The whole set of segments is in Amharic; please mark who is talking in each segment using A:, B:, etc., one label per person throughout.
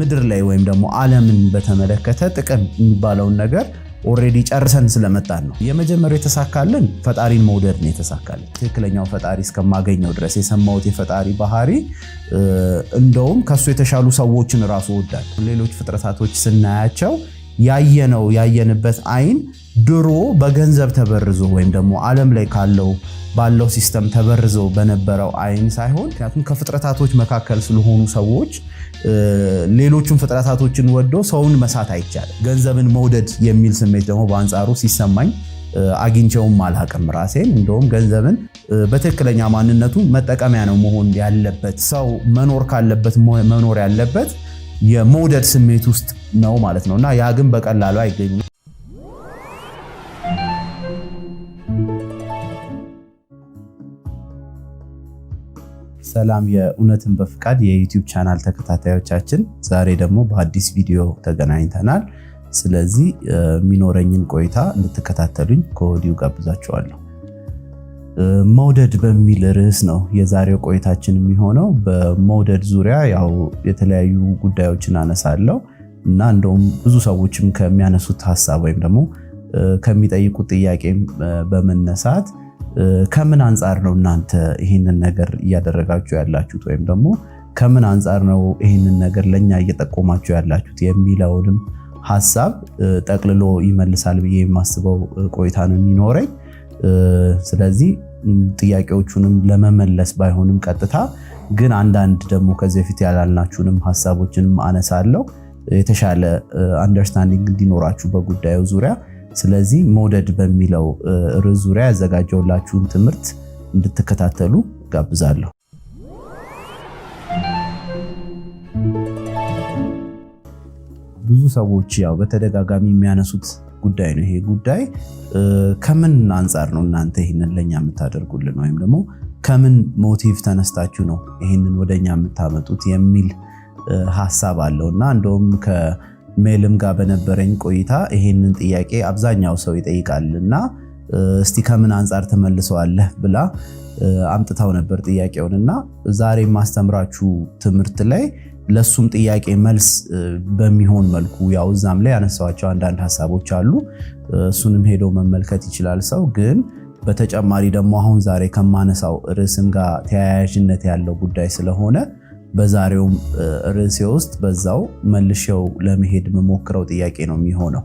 A: ምድር ላይ ወይም ደግሞ ዓለምን በተመለከተ ጥቅም የሚባለውን ነገር ኦሬዲ ጨርሰን ስለመጣን ነው። የመጀመሪያው የተሳካልን ፈጣሪን መውደድ ነው የተሳካልን። ትክክለኛው ፈጣሪ እስከማገኘው ድረስ የሰማሁት የፈጣሪ ባህሪ እንደውም ከሱ የተሻሉ ሰዎችን ራሱ ወዳል። ሌሎች ፍጥረታቶች ስናያቸው ያየነው ያየንበት አይን ድሮ በገንዘብ ተበርዞ ወይም ደግሞ ዓለም ላይ ካለው ባለው ሲስተም ተበርዞ በነበረው አይን ሳይሆን ምክንያቱም ከፍጥረታቶች መካከል ስለሆኑ ሰዎች ሌሎቹን ፍጥረታቶችን ወዶ ሰውን መሳት አይቻልም። ገንዘብን መውደድ የሚል ስሜት ደግሞ በአንጻሩ ሲሰማኝ አግኝቸውም አልሀቅም ራሴን። እንደውም ገንዘብን በትክክለኛ ማንነቱ መጠቀሚያ ነው መሆን ያለበት። ሰው መኖር ካለበት መኖር ያለበት የመውደድ ስሜት ውስጥ ነው ማለት ነው እና ያ ግን በቀላሉ አይገኙም።
B: ሰላም የእውነትን በፍቃድ የዩቲዩብ ቻናል ተከታታዮቻችን፣ ዛሬ ደግሞ በአዲስ ቪዲዮ ተገናኝተናል። ስለዚህ የሚኖረኝን ቆይታ እንድትከታተሉኝ ከወዲሁ ጋብዛችኋለሁ። መውደድ በሚል ርዕስ ነው የዛሬው ቆይታችን የሚሆነው። በመውደድ ዙሪያ ያው የተለያዩ ጉዳዮችን አነሳለሁ እና እንደውም ብዙ ሰዎችም ከሚያነሱት ሀሳብ ወይም ደግሞ ከሚጠይቁት ጥያቄ በመነሳት ከምን አንጻር ነው እናንተ ይህንን ነገር እያደረጋችሁ ያላችሁት ወይም ደግሞ ከምን አንጻር ነው ይህንን ነገር ለእኛ እየጠቆማችሁ ያላችሁት የሚለውንም ሀሳብ ጠቅልሎ ይመልሳል ብዬ የማስበው ቆይታ ነው የሚኖረኝ። ስለዚህ ጥያቄዎቹንም ለመመለስ ባይሆንም ቀጥታ ግን አንዳንድ ደግሞ ከዚህ በፊት ያላልናችሁንም ሀሳቦችንም አነሳለሁ የተሻለ አንደርስታንዲንግ እንዲኖራችሁ በጉዳዩ ዙሪያ ስለዚህ መውደድ በሚለው ርዕስ ዙሪያ ያዘጋጀውላችሁን ትምህርት እንድትከታተሉ ጋብዛለሁ። ብዙ ሰዎች ያው በተደጋጋሚ የሚያነሱት ጉዳይ ነው። ይሄ ጉዳይ ከምን አንጻር ነው እናንተ ይህንን ለእኛ የምታደርጉልን ወይም ደግሞ ከምን ሞቲቭ ተነስታችሁ ነው ይህንን ወደኛ የምታመጡት የሚል ሀሳብ አለው እና እንደውም ሜልም ጋር በነበረኝ ቆይታ ይሄንን ጥያቄ አብዛኛው ሰው ይጠይቃል እና እስቲ ከምን አንጻር ተመልሰዋለህ ብላ አምጥታው ነበር ጥያቄውን እና ዛሬ ማስተምራችሁ ትምህርት ላይ ለሱም ጥያቄ መልስ በሚሆን መልኩ ያው እዛም ላይ ያነሳዋቸው አንዳንድ ሀሳቦች አሉ። እሱንም ሄዶ መመልከት ይችላል ሰው። ግን በተጨማሪ ደግሞ አሁን ዛሬ ከማነሳው ርዕስም ጋር ተያያዥነት ያለው ጉዳይ ስለሆነ በዛሬውም ርዕሴ ውስጥ በዛው መልሼው ለመሄድ የምሞክረው ጥያቄ ነው የሚሆነው።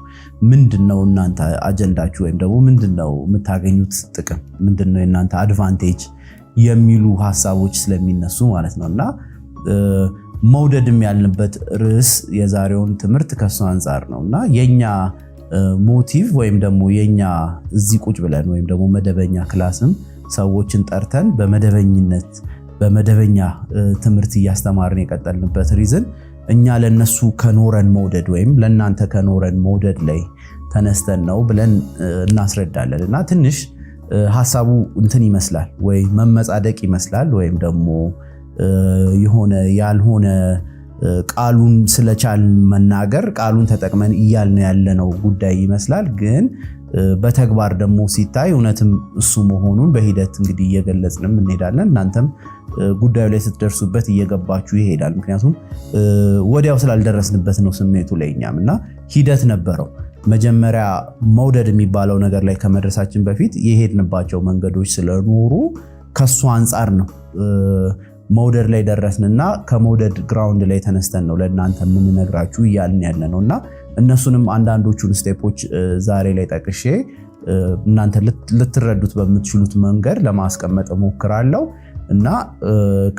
B: ምንድን ነው እናንተ አጀንዳችሁ ወይም ደግሞ ምንድን ነው የምታገኙት ጥቅም፣ ምንድን ነው የእናንተ አድቫንቴጅ የሚሉ ሀሳቦች ስለሚነሱ ማለት ነው እና መውደድም ያልንበት ርዕስ የዛሬውን ትምህርት ከሱ አንጻር ነው እና የኛ ሞቲቭ ወይም ደግሞ የኛ እዚህ ቁጭ ብለን ወይም ደግሞ መደበኛ ክላስም ሰዎችን ጠርተን በመደበኝነት በመደበኛ ትምህርት እያስተማርን የቀጠልንበት ሪዝን እኛ ለነሱ ከኖረን መውደድ ወይም ለእናንተ ከኖረን መውደድ ላይ ተነስተን ነው ብለን እናስረዳለን። እና ትንሽ ሀሳቡ እንትን ይመስላል ወይ መመጻደቅ ይመስላል ወይም ደግሞ የሆነ ያልሆነ ቃሉን ስለቻልን መናገር ቃሉን ተጠቅመን እያልን ያለነው ጉዳይ ይመስላል። ግን በተግባር ደግሞ ሲታይ እውነትም እሱ መሆኑን በሂደት እንግዲህ እየገለጽንም እንሄዳለን። እናንተም ጉዳዩ ላይ ስትደርሱበት እየገባችሁ ይሄዳል። ምክንያቱም ወዲያው ስላልደረስንበት ነው ስሜቱ ላይ እኛም እና ሂደት ነበረው። መጀመሪያ መውደድ የሚባለው ነገር ላይ ከመድረሳችን በፊት የሄድንባቸው መንገዶች ስለኖሩ ከሱ አንጻር ነው መውደድ ላይ ደረስንና ከመውደድ ግራውንድ ላይ ተነስተን ነው ለእናንተ የምንነግራችሁ እያልን ያለ ነው እና እነሱንም አንዳንዶቹን ስቴፖች ዛሬ ላይ ጠቅሼ እናንተ ልትረዱት በምትችሉት መንገድ ለማስቀመጥ እሞክራለሁ እና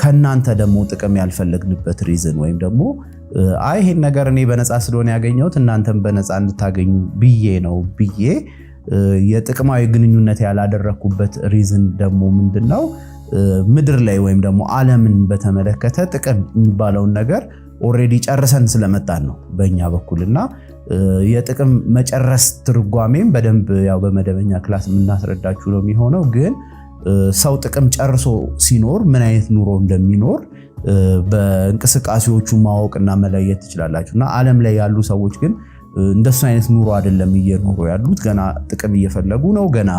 B: ከእናንተ ደግሞ ጥቅም ያልፈለግንበት ሪዝን ወይም ደግሞ አይ ይሄን ነገር እኔ በነፃ ስለሆነ ያገኘሁት እናንተም በነፃ እንድታገኙ ብዬ ነው ብዬ የጥቅማዊ ግንኙነት ያላደረግኩበት ሪዝን ደግሞ ምንድን ነው? ምድር ላይ ወይም ደግሞ ዓለምን በተመለከተ ጥቅም የሚባለውን ነገር ኦልሬዲ ጨርሰን ስለመጣን ነው በእኛ በኩልና የጥቅም መጨረስ ትርጓሜም በደንብ ያው በመደበኛ ክላስ የምናስረዳችሁ ነው የሚሆነው። ግን ሰው ጥቅም ጨርሶ ሲኖር ምን አይነት ኑሮ እንደሚኖር በእንቅስቃሴዎቹ እና መለየት ትችላላችሁ። እና ዓለም ላይ ያሉ ሰዎች ግን እንደሱ አይነት ኑሮ አይደለም እየኖሩ ያሉት። ገና ጥቅም እየፈለጉ ነው። ገና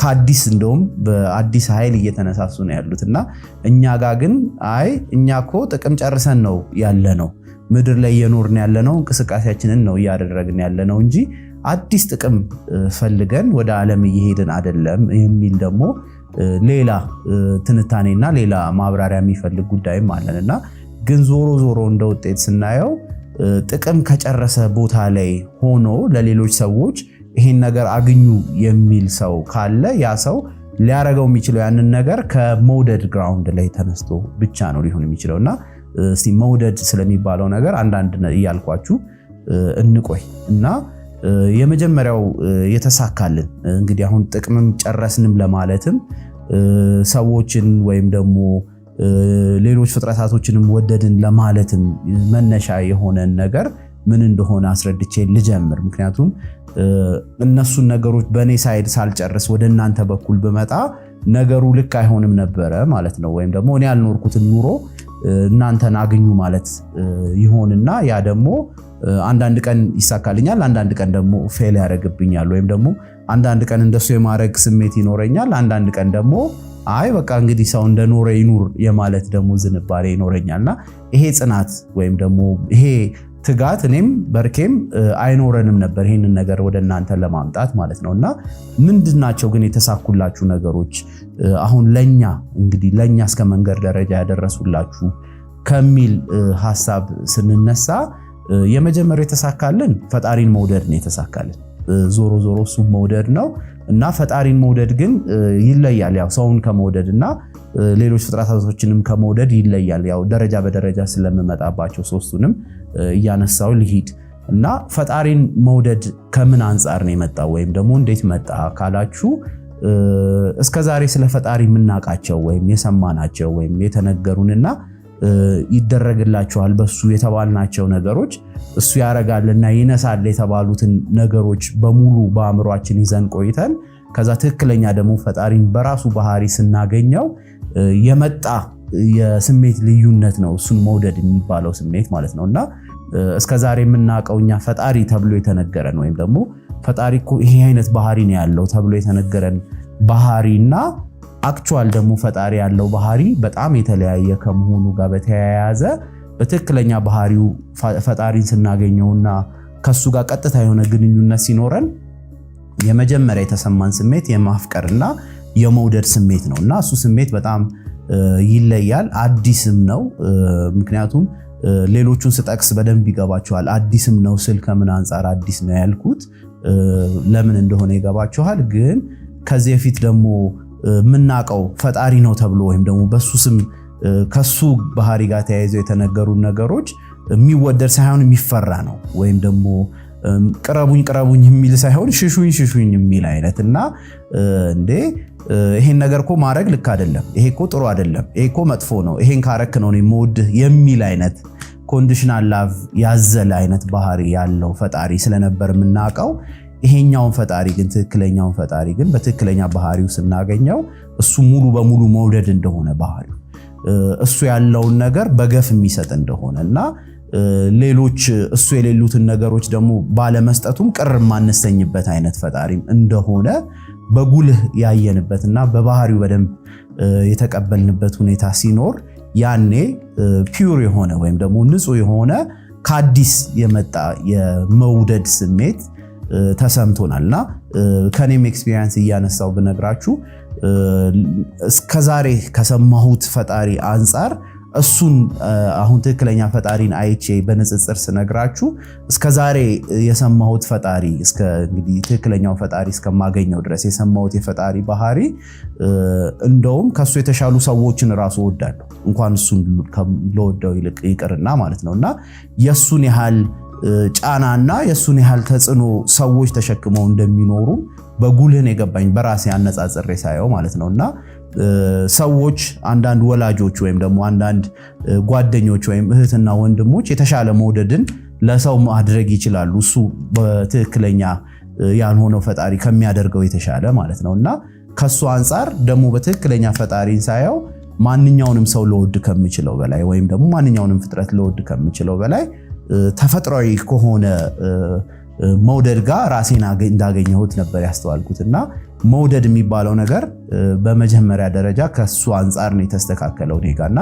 B: ከአዲስ እንደውም በአዲስ ኃይል እየተነሳሱ ነው ያሉት እና እኛ ጋ ግን አይ እኛ ኮ ጥቅም ጨርሰን ነው ያለ ነው ምድር ላይ እየኖርን ያለ ነው እንቅስቃሴያችንን ነው እያደረግን ያለ ነው እንጂ አዲስ ጥቅም ፈልገን ወደ ዓለም እየሄድን አይደለም የሚል ደግሞ ሌላ ትንታኔና ሌላ ማብራሪያ የሚፈልግ ጉዳይም አለን እና ግን ዞሮ ዞሮ እንደ ውጤት ስናየው ጥቅም ከጨረሰ ቦታ ላይ ሆኖ ለሌሎች ሰዎች ይሄን ነገር አግኙ የሚል ሰው ካለ ያ ሰው ሊያረገው የሚችለው ያንን ነገር ከመውደድ ግራውንድ ላይ ተነስቶ ብቻ ነው ሊሆን የሚችለው እና እስቲ መውደድ ስለሚባለው ነገር አንዳንድ እያልኳችሁ እንቆይ እና የመጀመሪያው የተሳካልን እንግዲህ አሁን ጥቅምም ጨረስንም ለማለትም ሰዎችን ወይም ደግሞ ሌሎች ፍጥረታቶችንም ወደድን ለማለትም መነሻ የሆነን ነገር ምን እንደሆነ አስረድቼ ልጀምር። ምክንያቱም እነሱን ነገሮች በእኔ ሳይድ ሳልጨርስ ወደ እናንተ በኩል ብመጣ ነገሩ ልክ አይሆንም ነበረ ማለት ነው። ወይም ደግሞ እኔ ያልኖርኩትን ኑሮ እናንተን አግኙ ማለት ይሆንና ያ ደግሞ አንዳንድ ቀን ይሳካልኛል፣ አንዳንድ ቀን ደግሞ ፌል ያደርግብኛል። ወይም ደግሞ አንዳንድ ቀን እንደሱ የማድረግ ስሜት ይኖረኛል፣ አንዳንድ ቀን ደግሞ አይ በቃ እንግዲህ ሰው እንደኖረ ይኑር የማለት ደግሞ ዝንባሌ ይኖረኛልና ይሄ ጽናት ወይም ደግሞ ይሄ ትጋት እኔም በርኬም አይኖረንም ነበር ይህንን ነገር ወደ እናንተ ለማምጣት ማለት ነው። እና ምንድናቸው ግን የተሳኩላችሁ ነገሮች አሁን ለእኛ እንግዲህ ለእኛ እስከ መንገድ ደረጃ ያደረሱላችሁ ከሚል ሀሳብ ስንነሳ የመጀመሪያው የተሳካልን ፈጣሪን መውደድ ነው የተሳካልን ዞሮ ዞሮ እሱ መውደድ ነው እና ፈጣሪን መውደድ ግን ይለያል። ያው ሰውን ከመውደድ እና ሌሎች ፍጥረታቶችንም ከመውደድ ይለያል። ያው ደረጃ በደረጃ ስለምመጣባቸው ሶስቱንም እያነሳው ልሂድ እና ፈጣሪን መውደድ ከምን አንጻር ነው የመጣ ወይም ደግሞ እንዴት መጣ ካላችሁ እስከዛሬ ስለ ፈጣሪ የምናውቃቸው ወይም የሰማናቸው ወይም የተነገሩንና ይደረግላቸዋል። በሱ የተባልናቸው ነገሮች እሱ ያረጋል እና ይነሳል የተባሉትን ነገሮች በሙሉ በአእምሯችን ይዘን ቆይተን ከዛ ትክክለኛ ደግሞ ፈጣሪን በራሱ ባህሪ ስናገኘው የመጣ የስሜት ልዩነት ነው። እሱን መውደድ የሚባለው ስሜት ማለት ነው እና እስከ ዛሬ የምናውቀው እኛ ፈጣሪ ተብሎ የተነገረን ወይም ደግሞ ፈጣሪ እኮ ይሄ አይነት ባህሪ ነው ያለው ተብሎ የተነገረን ባህሪና አክቹዋል ደግሞ ፈጣሪ ያለው ባህሪ በጣም የተለያየ ከመሆኑ ጋር በተያያዘ በትክክለኛ ባህሪው ፈጣሪን ስናገኘውና ከሱ ጋር ቀጥታ የሆነ ግንኙነት ሲኖረን የመጀመሪያ የተሰማን ስሜት የማፍቀርና የመውደድ ስሜት ነው እና እሱ ስሜት በጣም ይለያል። አዲስም ነው። ምክንያቱም ሌሎቹን ስጠቅስ በደንብ ይገባችኋል። አዲስም ነው ስል ከምን አንጻር አዲስ ነው ያልኩት ለምን እንደሆነ ይገባችኋል። ግን ከዚህ በፊት ደግሞ የምናውቀው ፈጣሪ ነው ተብሎ ወይም ደግሞ በሱ ስም ከሱ ባህሪ ጋር ተያይዘው የተነገሩ ነገሮች የሚወደድ ሳይሆን የሚፈራ ነው ወይም ደግሞ ቅረቡኝ ቅረቡኝ የሚል ሳይሆን ሽሹኝ ሽሹኝ የሚል አይነት እና እንዴ ይሄን ነገር እኮ ማድረግ ልክ አይደለም፣ ይሄ እኮ ጥሩ አይደለም፣ ይሄ እኮ መጥፎ ነው፣ ይሄን ካረክ ነው የምወድህ የሚል አይነት ኮንዲሽናል ላቭ ያዘለ አይነት ባህሪ ያለው ፈጣሪ ስለነበር የምናውቀው ይሄኛውን ፈጣሪ ግን ትክክለኛውን ፈጣሪ ግን በትክክለኛ ባህሪው ስናገኘው እሱ ሙሉ በሙሉ መውደድ እንደሆነ ባህሪው እሱ ያለውን ነገር በገፍ የሚሰጥ እንደሆነ እና ሌሎች እሱ የሌሉትን ነገሮች ደግሞ ባለመስጠቱም ቅር የማንሰኝበት አይነት ፈጣሪም እንደሆነ በጉልህ ያየንበት እና በባህሪው በደንብ የተቀበልንበት ሁኔታ ሲኖር ያኔ ፒውር የሆነ ወይም ደግሞ ንጹህ የሆነ ከአዲስ የመጣ የመውደድ ስሜት ተሰምቶናል እና ከኔም ኤክስፒሪየንስ እያነሳው ብነግራችሁ እስከዛሬ ከሰማሁት ፈጣሪ አንጻር እሱን አሁን ትክክለኛ ፈጣሪን አይቼ በንጽጽር ስነግራችሁ እስከዛሬ የሰማሁት ፈጣሪ እንግዲህ ትክክለኛው ፈጣሪ እስከማገኘው ድረስ የሰማሁት የፈጣሪ ባህሪ እንደውም ከእሱ የተሻሉ ሰዎችን ራሱ ወዳለሁ እንኳን እሱን ለወደው ይልቅ ይቅርና ማለት ነው እና የእሱን ያህል ጫናና የእሱን ያህል ተጽዕኖ ሰዎች ተሸክመው እንደሚኖሩ በጉልህን የገባኝ በራሴ አነጻጽሬ ሳየው ማለት ነው እና ሰዎች አንዳንድ ወላጆች ወይም ደግሞ አንዳንድ ጓደኞች ወይም እህትና ወንድሞች የተሻለ መውደድን ለሰው ማድረግ ይችላሉ። እሱ በትክክለኛ ያልሆነው ፈጣሪ ከሚያደርገው የተሻለ ማለት ነው እና ከሱ አንጻር ደግሞ በትክክለኛ ፈጣሪን ሳየው ማንኛውንም ሰው ለወድ ከምችለው በላይ ወይም ደግሞ ማንኛውንም ፍጥረት ለወድ ከምችለው በላይ ተፈጥሯዊ ከሆነ መውደድ ጋር ራሴን እንዳገኘሁት ነበር ያስተዋልኩት እና መውደድ የሚባለው ነገር በመጀመሪያ ደረጃ ከሱ አንጻር ነው የተስተካከለው እኔ እና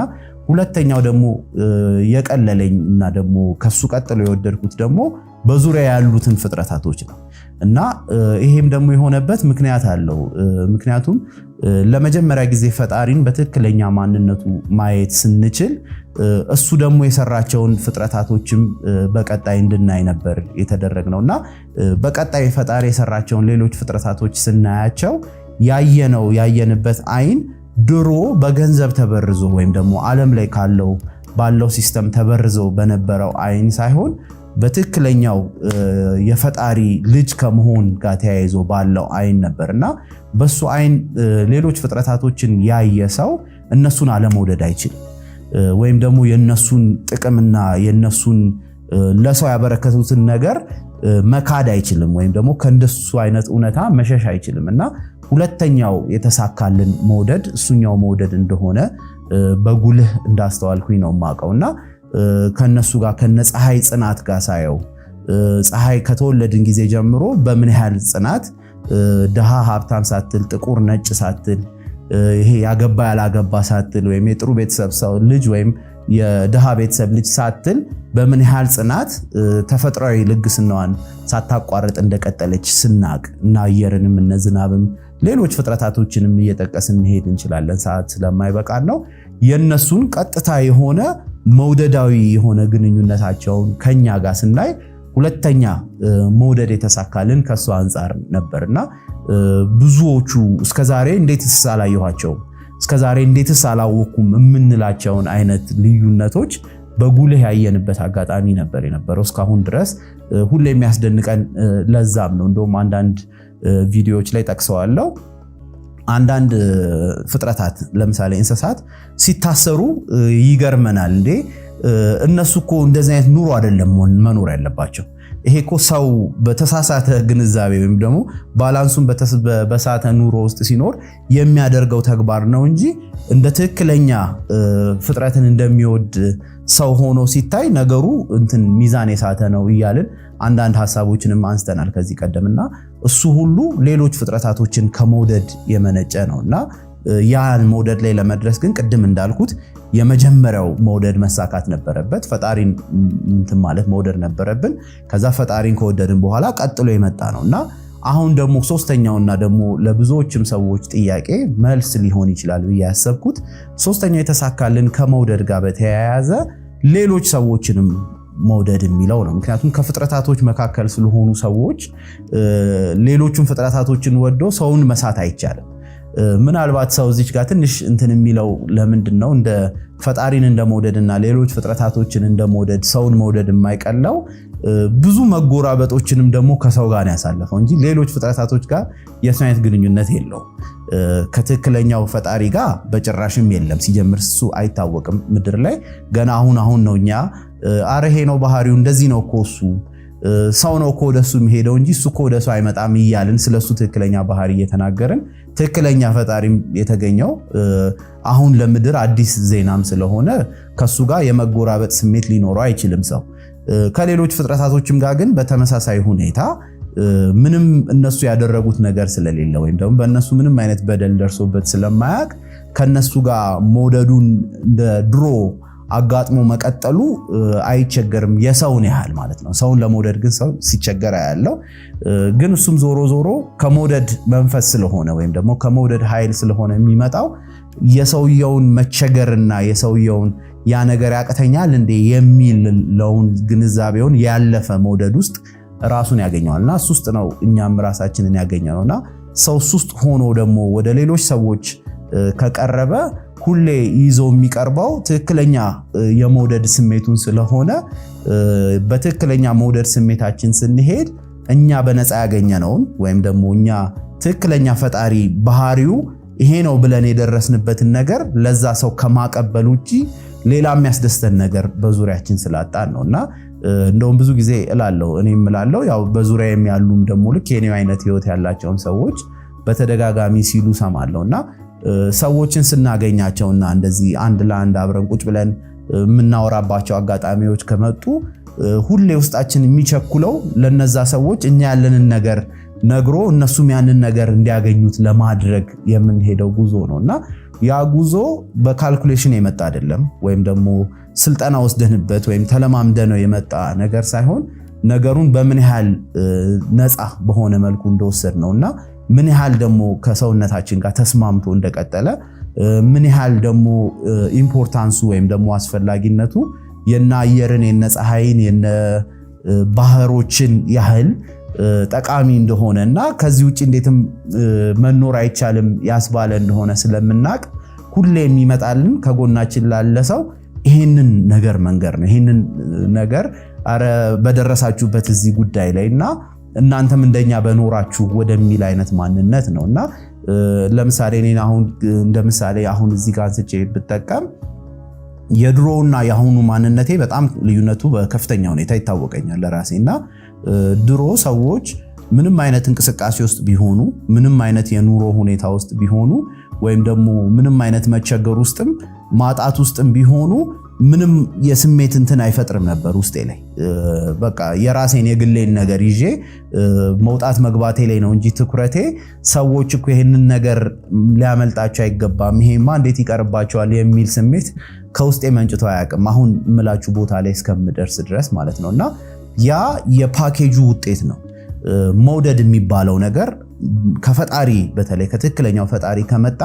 B: ሁለተኛው ደግሞ የቀለለኝ እና ደግሞ ከሱ ቀጥሎ የወደድኩት ደግሞ በዙሪያ ያሉትን ፍጥረታቶች ነው እና ይሄም ደግሞ የሆነበት ምክንያት አለው። ምክንያቱም ለመጀመሪያ ጊዜ ፈጣሪን በትክክለኛ ማንነቱ ማየት ስንችል እሱ ደግሞ የሰራቸውን ፍጥረታቶችም በቀጣይ እንድናይ ነበር ነው እና በቀጣይ ፈጣሪ የሰራቸውን ሌሎች ፍጥረታቶች ስናያቸው ያየነው ያየንበት አይን ድሮ በገንዘብ ተበርዞ ወይም ደግሞ ዓለም ላይ ካለው ባለው ሲስተም ተበርዞ በነበረው አይን ሳይሆን በትክክለኛው የፈጣሪ ልጅ ከመሆን ጋር ተያይዞ ባለው አይን ነበር እና በሱ አይን ሌሎች ፍጥረታቶችን ያየ ሰው እነሱን አለመውደድ አይችልም፣ ወይም ደግሞ የነሱን ጥቅምና የነሱን ለሰው ያበረከቱትን ነገር መካድ አይችልም፣ ወይም ደግሞ ከእንደሱ አይነት እውነታ መሸሽ አይችልም እና ሁለተኛው የተሳካልን መውደድ እሱኛው መውደድ እንደሆነ በጉልህ እንዳስተዋልኩኝ ነው የማውቀው እና ከነሱ ጋር ከነ ፀሐይ ጽናት ጋር ሳየው ፀሐይ ከተወለድን ጊዜ ጀምሮ በምን ያህል ጽናት ድሃ ሀብታም ሳትል ጥቁር ነጭ ሳትል ይሄ ያገባ ያላገባ ሳትል ወይም የጥሩ ቤተሰብ ሰው ልጅ ወይም የድሃ ቤተሰብ ልጅ ሳትል በምን ያህል ጽናት ተፈጥሯዊ ልግስናዋን ሳታቋርጥ እንደቀጠለች ስናቅ እና አየርንም እነ ዝናብም ሌሎች ፍጥረታቶችንም እየጠቀስን መሄድ እንችላለን። ሰዓት ስለማይበቃን ነው። የእነሱን ቀጥታ የሆነ መውደዳዊ የሆነ ግንኙነታቸውን ከኛ ጋር ስናይ ሁለተኛ መውደድ የተሳካልን ከእሱ አንጻር ነበርና ብዙዎቹ እስከዛሬ እንዴት ስሳ አላየኋቸውም እስከዛሬ እንዴትስ አላወኩም የምንላቸውን አይነት ልዩነቶች በጉልህ ያየንበት አጋጣሚ ነበር የነበረው እስካሁን ድረስ ሁሌ የሚያስደንቀን ለዛም ነው። እንደውም አንዳንድ ቪዲዮዎች ላይ ጠቅሰዋለው። አንዳንድ ፍጥረታት ለምሳሌ እንስሳት ሲታሰሩ ይገርመናል። እንዴ እነሱ እኮ እንደዚህ አይነት ኑሮ አይደለም መኖር ያለባቸው ይሄ እኮ ሰው በተሳሳተ ግንዛቤ ወይም ደግሞ ባላንሱን በሳተ ኑሮ ውስጥ ሲኖር የሚያደርገው ተግባር ነው እንጂ እንደ ትክክለኛ ፍጥረትን እንደሚወድ ሰው ሆኖ ሲታይ ነገሩ እንትን ሚዛን የሳተ ነው እያልን አንዳንድ ሀሳቦችንም አንስተናል ከዚህ ቀደምና እሱ ሁሉ ሌሎች ፍጥረታቶችን ከመውደድ የመነጨ ነው እና ያን መውደድ ላይ ለመድረስ ግን ቅድም እንዳልኩት የመጀመሪያው መውደድ መሳካት ነበረበት። ፈጣሪን እንትን ማለት መውደድ ነበረብን። ከዛ ፈጣሪን ከወደድን በኋላ ቀጥሎ የመጣ ነው እና አሁን ደግሞ ሶስተኛውና ደግሞ ለብዙዎችም ሰዎች ጥያቄ መልስ ሊሆን ይችላል ብዬ ያሰብኩት ሶስተኛው የተሳካልን ከመውደድ ጋር በተያያዘ ሌሎች ሰዎችንም መውደድ የሚለው ነው። ምክንያቱም ከፍጥረታቶች መካከል ስለሆኑ ሰዎች ሌሎቹን ፍጥረታቶችን ወዶ ሰውን መሳት አይቻልም። ምናልባት ሰው እዚች ጋር ትንሽ እንትን የሚለው ለምንድን ነው እንደ ፈጣሪን እንደመውደድና ሌሎች ፍጥረታቶችን እንደመውደድ ሰውን መውደድ የማይቀለው ብዙ መጎራበጦችንም ደግሞ ከሰው ጋር ያሳለፈው እንጂ ሌሎች ፍጥረታቶች ጋር የእሱ አይነት ግንኙነት የለውም። ከትክክለኛው ፈጣሪ ጋር በጭራሽም የለም። ሲጀምር እሱ አይታወቅም ምድር ላይ ገና አሁን አሁን ነው እኛ አረሄ ነው ባህሪው እንደዚህ ነው እኮ እሱ ሰው ነው እኮ ወደሱ የሚሄደው እንጂ እሱ እኮ ወደሱ አይመጣም እያልን ስለሱ ትክክለኛ ባህሪ እየተናገርን ትክክለኛ ፈጣሪም የተገኘው አሁን ለምድር አዲስ ዜናም ስለሆነ ከሱ ጋር የመጎራበጥ ስሜት ሊኖረው አይችልም ሰው። ከሌሎች ፍጥረታቶችም ጋር ግን በተመሳሳይ ሁኔታ ምንም እነሱ ያደረጉት ነገር ስለሌለ ወይም ደግሞ በእነሱ ምንም አይነት በደል ደርሶበት ስለማያውቅ ከነሱ ጋር መውደዱን እንደ ድሮ አጋጥሞ መቀጠሉ አይቸገርም፣ የሰውን ያህል ማለት ነው። ሰውን ለመውደድ ግን ሰው ሲቸገር ያለው ግን እሱም ዞሮ ዞሮ ከመውደድ መንፈስ ስለሆነ ወይም ደግሞ ከመውደድ ኃይል ስለሆነ የሚመጣው የሰውየውን መቸገርና የሰውየውን ያ ነገር ያቅተኛል እንዴ የሚለውን ግንዛቤውን ያለፈ መውደድ ውስጥ ራሱን ያገኘዋል እና እሱ ውስጥ ነው እኛም ራሳችንን ያገኘ ነው እና ሰው እሱ ውስጥ ሆኖ ደግሞ ወደ ሌሎች ሰዎች ከቀረበ ሁሌ ይዞ የሚቀርበው ትክክለኛ የመውደድ ስሜቱን ስለሆነ በትክክለኛ መውደድ ስሜታችን ስንሄድ እኛ በነፃ ያገኘነውን ወይም ደግሞ እኛ ትክክለኛ ፈጣሪ ባህሪው ይሄ ነው ብለን የደረስንበትን ነገር ለዛ ሰው ከማቀበል ውጭ ሌላ የሚያስደስተን ነገር በዙሪያችን ስላጣን ነው እና እንደውም ብዙ ጊዜ እላለሁ እኔ እላለሁ ያው በዙሪያ የሚያሉም ደግሞ ልክ የኔው አይነት ህይወት ያላቸውን ሰዎች በተደጋጋሚ ሲሉ ሰማለሁ እና ሰዎችን ስናገኛቸውና እንደዚህ አንድ ለአንድ አብረን ቁጭ ብለን የምናወራባቸው አጋጣሚዎች ከመጡ ሁሌ ውስጣችን የሚቸኩለው ለነዛ ሰዎች እኛ ያለንን ነገር ነግሮ እነሱም ያንን ነገር እንዲያገኙት ለማድረግ የምንሄደው ጉዞ ነው እና ያ ጉዞ በካልኩሌሽን የመጣ አይደለም፣ ወይም ደግሞ ስልጠና ወስደንበት ወይም ተለማምደ ነው የመጣ ነገር ሳይሆን ነገሩን በምን ያህል ነፃ በሆነ መልኩ እንደወሰድ ነው እና ምን ያህል ደግሞ ከሰውነታችን ጋር ተስማምቶ እንደቀጠለ ምን ያህል ደግሞ ኢምፖርታንሱ ወይም ደግሞ አስፈላጊነቱ የነ አየርን የነ ፀሐይን የነ ባህሮችን ያህል ጠቃሚ እንደሆነ እና ከዚህ ውጭ እንዴትም መኖር አይቻልም ያስባለ እንደሆነ ስለምናቅ ሁሌ የሚመጣልን ከጎናችን ላለ ሰው ይህንን ነገር መንገር ነው። ይህንን ነገር በደረሳችሁበት እዚህ ጉዳይ ላይ እና እናንተም እንደኛ በኖራችሁ ወደሚል አይነት ማንነት ነው እና ለምሳሌ እኔን አሁን እንደ ምሳሌ አሁን እዚህ ጋር አንስቼ ብጠቀም የድሮውና የአሁኑ ማንነቴ በጣም ልዩነቱ በከፍተኛ ሁኔታ ይታወቀኛል ለራሴ እና ድሮ ሰዎች ምንም አይነት እንቅስቃሴ ውስጥ ቢሆኑ ምንም አይነት የኑሮ ሁኔታ ውስጥ ቢሆኑ ወይም ደግሞ ምንም አይነት መቸገር ውስጥም ማጣት ውስጥም ቢሆኑ ምንም የስሜት እንትን አይፈጥርም ነበር ውስጤ ላይ። በቃ የራሴን የግሌን ነገር ይዤ መውጣት መግባቴ ላይ ነው እንጂ ትኩረቴ ሰዎች እኮ ይህንን ነገር ሊያመልጣቸው አይገባም፣ ይሄማ እንዴት ይቀርባቸዋል የሚል ስሜት ከውስጤ መንጭቶ አያውቅም። አሁን ምላችሁ ቦታ ላይ እስከምደርስ ድረስ ማለት ነው። እና ያ የፓኬጁ ውጤት ነው መውደድ የሚባለው ነገር ከፈጣሪ በተለይ ከትክክለኛው ፈጣሪ ከመጣ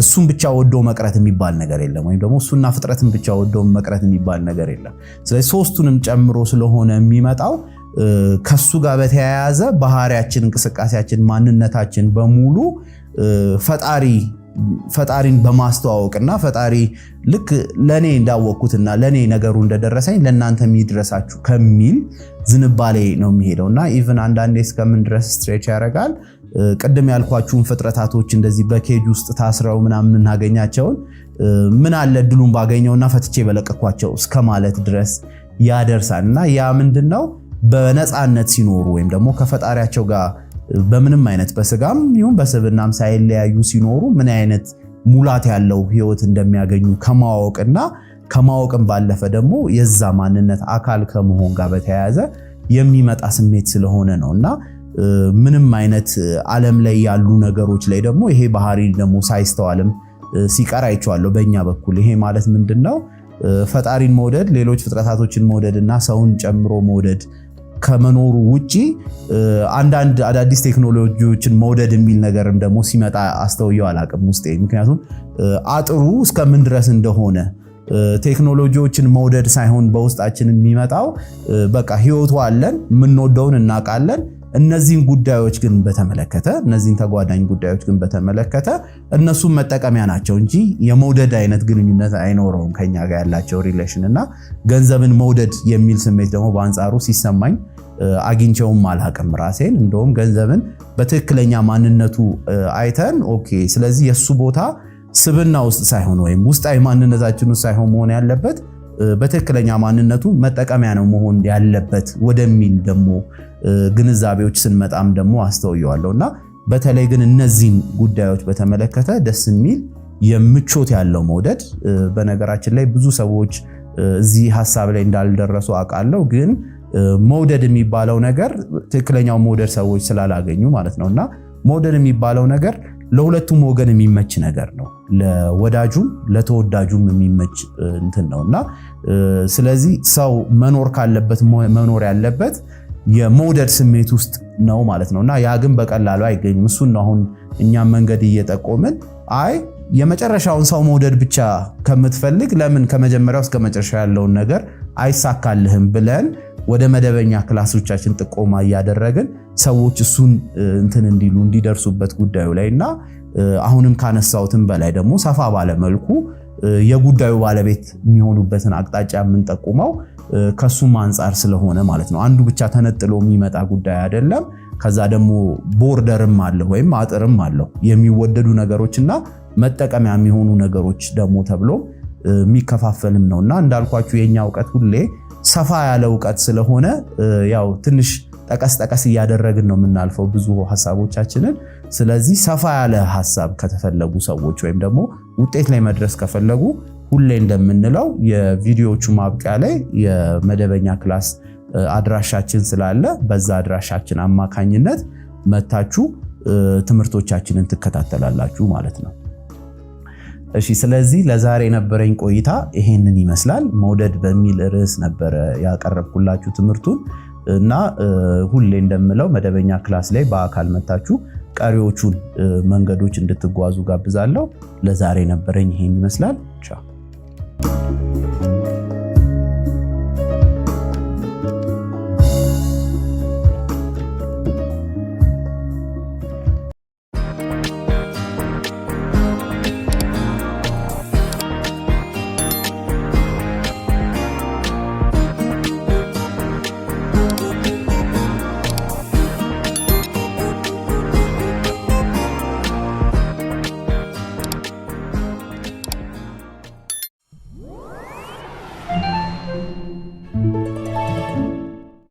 B: እሱን ብቻ ወዶ መቅረት የሚባል ነገር የለም፣ ወይም ደግሞ እሱና ፍጥረትን ብቻ ወዶ መቅረት የሚባል ነገር የለም። ስለዚህ ሶስቱንም ጨምሮ ስለሆነ የሚመጣው ከሱ ጋር በተያያዘ ባህሪያችን፣ እንቅስቃሴያችን፣ ማንነታችን በሙሉ ፈጣሪ ፈጣሪን በማስተዋወቅና ፈጣሪ ልክ ለእኔ እንዳወቅኩትና ለእኔ ነገሩ እንደደረሰኝ ለእናንተ የሚድረሳችሁ ከሚል ዝንባሌ ነው የሚሄደው እና ኢቨን አንዳንዴ እስከምን ድረስ ስትሬች ያደርጋል። ቅድም ያልኳችሁን ፍጥረታቶች እንደዚህ በኬጅ ውስጥ ታስረው ምናምን እናገኛቸውን ምን አለ እድሉን ባገኘውና ፈትቼ በለቀኳቸው እስከ ማለት ድረስ ያደርሳል እና ያ ምንድን ነው በነፃነት ሲኖሩ ወይም ደግሞ ከፈጣሪያቸው ጋር በምንም አይነት በስጋም ይሁን በስብናም ሳይለያዩ ሲኖሩ ምን አይነት ሙላት ያለው ህይወት እንደሚያገኙ ከማወቅና ከማወቅም ባለፈ ደግሞ የዛ ማንነት አካል ከመሆን ጋር በተያያዘ የሚመጣ ስሜት ስለሆነ ነው እና ምንም አይነት ዓለም ላይ ያሉ ነገሮች ላይ ደግሞ ይሄ ባህሪ ደግሞ ሳይስተዋልም ሲቀር አይቼዋለሁ። በእኛ በኩል ይሄ ማለት ምንድን ነው? ፈጣሪን መውደድ፣ ሌሎች ፍጥረታቶችን መውደድ እና ሰውን ጨምሮ መውደድ ከመኖሩ ውጪ አንዳንድ አዳዲስ ቴክኖሎጂዎችን መውደድ የሚል ነገርም ደግሞ ሲመጣ አስተውየው አላቅም ውስጤ። ምክንያቱም አጥሩ እስከምን ድረስ እንደሆነ ቴክኖሎጂዎችን መውደድ ሳይሆን በውስጣችን የሚመጣው በቃ ህይወቱ አለን፣ የምንወደውን እናውቃለን። እነዚህን ጉዳዮች ግን በተመለከተ እነዚህን ተጓዳኝ ጉዳዮች ግን በተመለከተ እነሱን መጠቀሚያ ናቸው እንጂ የመውደድ አይነት ግንኙነት አይኖረውም ከኛ ጋር ያላቸው ሪሌሽን እና ገንዘብን መውደድ የሚል ስሜት ደግሞ በአንጻሩ ሲሰማኝ አግኝቸውም አላቅም ራሴን። እንደውም ገንዘብን በትክክለኛ ማንነቱ አይተን ኦኬ፣ ስለዚህ የእሱ ቦታ ስብና ውስጥ ሳይሆን ወይም ውስጣዊ ማንነታችን ውስጥ ሳይሆን መሆን ያለበት በትክክለኛ ማንነቱ መጠቀሚያ ነው መሆን ያለበት ወደሚል ደግሞ ግንዛቤዎች ስንመጣም ደግሞ አስተውየዋለሁ እና በተለይ ግን እነዚህን ጉዳዮች በተመለከተ ደስ የሚል የምቾት ያለው መውደድ በነገራችን ላይ ብዙ ሰዎች እዚህ ሀሳብ ላይ እንዳልደረሱ አውቃለሁ ግን መውደድ የሚባለው ነገር ትክክለኛው መውደድ ሰዎች ስላላገኙ ማለት ነው። እና መውደድ የሚባለው ነገር ለሁለቱም ወገን የሚመች ነገር ነው። ለወዳጁም ለተወዳጁም የሚመች እንትን ነው እና ስለዚህ ሰው መኖር ካለበት መኖር ያለበት የመውደድ ስሜት ውስጥ ነው ማለት ነው እና ያ ግን በቀላሉ አይገኝም። እሱን ነው አሁን እኛም መንገድ እየጠቆምን አይ የመጨረሻውን ሰው መውደድ ብቻ ከምትፈልግ ለምን ከመጀመሪያው እስከ መጨረሻ ያለውን ነገር አይሳካልህም ብለን ወደ መደበኛ ክላሶቻችን ጥቆማ እያደረግን ሰዎች እሱን እንትን እንዲሉ እንዲደርሱበት ጉዳዩ ላይ እና አሁንም ካነሳሁትን በላይ ደግሞ ሰፋ ባለመልኩ የጉዳዩ ባለቤት የሚሆኑበትን አቅጣጫ የምንጠቁመው ከሱም አንጻር ስለሆነ ማለት ነው። አንዱ ብቻ ተነጥሎ የሚመጣ ጉዳይ አይደለም። ከዛ ደግሞ ቦርደርም አለው ወይም አጥርም አለው። የሚወደዱ ነገሮች እና መጠቀሚያ የሚሆኑ ነገሮች ደግሞ ተብሎ የሚከፋፈልም ነው እና እንዳልኳችሁ የእኛ እውቀት ሁሌ ሰፋ ያለ እውቀት ስለሆነ ያው ትንሽ ጠቀስ ጠቀስ እያደረግን ነው የምናልፈው ብዙ ሀሳቦቻችንን። ስለዚህ ሰፋ ያለ ሀሳብ ከተፈለጉ ሰዎች ወይም ደግሞ ውጤት ላይ መድረስ ከፈለጉ ሁሌ እንደምንለው የቪዲዮዎቹ ማብቂያ ላይ የመደበኛ ክላስ አድራሻችን ስላለ በዛ አድራሻችን አማካኝነት መታችሁ ትምህርቶቻችንን ትከታተላላችሁ ማለት ነው። እሺ ስለዚህ ለዛሬ የነበረኝ ቆይታ ይሄንን ይመስላል። መውደድ በሚል ርዕስ ነበረ ያቀረብኩላችሁ ትምህርቱን እና ሁሌ እንደምለው መደበኛ ክላስ ላይ በአካል መታችሁ ቀሪዎቹን መንገዶች እንድትጓዙ ጋብዛለሁ። ለዛሬ የነበረኝ ይሄን ይመስላል። ቻው